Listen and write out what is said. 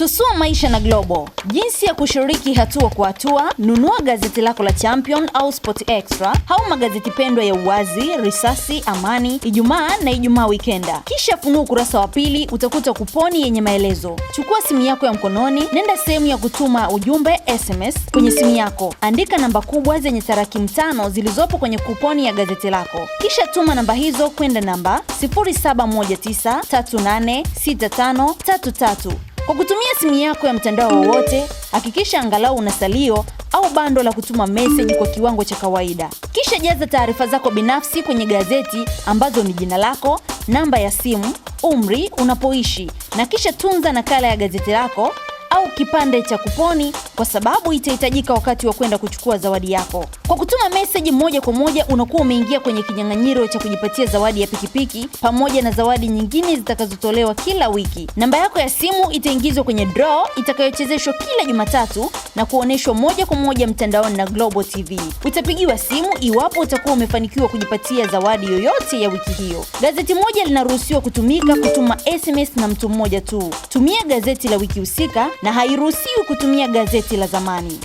Tusua maisha na Globo. jinsi ya kushiriki hatua kwa hatua. Nunua gazeti lako la Champion au Sport Extra au magazeti pendwa ya Uwazi, Risasi, Amani, Ijumaa na Ijumaa Wikenda, kisha funua ukurasa wa pili, utakuta kuponi yenye maelezo. Chukua simu yako ya mkononi, nenda sehemu ya kutuma ujumbe SMS kwenye simu yako, andika namba kubwa zenye tarakimu tano zilizopo kwenye kuponi ya gazeti lako, kisha tuma namba hizo kwenda namba 0719386533 kwa kutumia simu yako ya mtandao wowote, hakikisha angalau una salio au bando la kutuma message kwa kiwango cha kawaida. Kisha jaza taarifa zako binafsi kwenye gazeti ambazo ni jina lako, namba ya simu, umri, unapoishi na kisha tunza nakala ya gazeti lako au kipande cha kuponi kwa sababu itahitajika wakati wa kwenda kuchukua zawadi yako. Kwa kutuma meseji moja kwa moja, unakuwa umeingia kwenye kinyang'anyiro cha kujipatia zawadi ya pikipiki pamoja na zawadi nyingine zitakazotolewa kila wiki. Namba yako ya simu itaingizwa kwenye dr itakayochezeshwa kila Jumatatu na kuonyeshwa moja kwa moja mtandaoni na Global TV. Utapigiwa simu iwapo utakuwa umefanikiwa kujipatia zawadi yoyote ya wiki hiyo. Gazeti moja linaruhusiwa kutumika kutuma SMS na mtu mmoja tu. Tumia gazeti la wiki husika, na hairuhusiwi kutumia gazeti la zamani.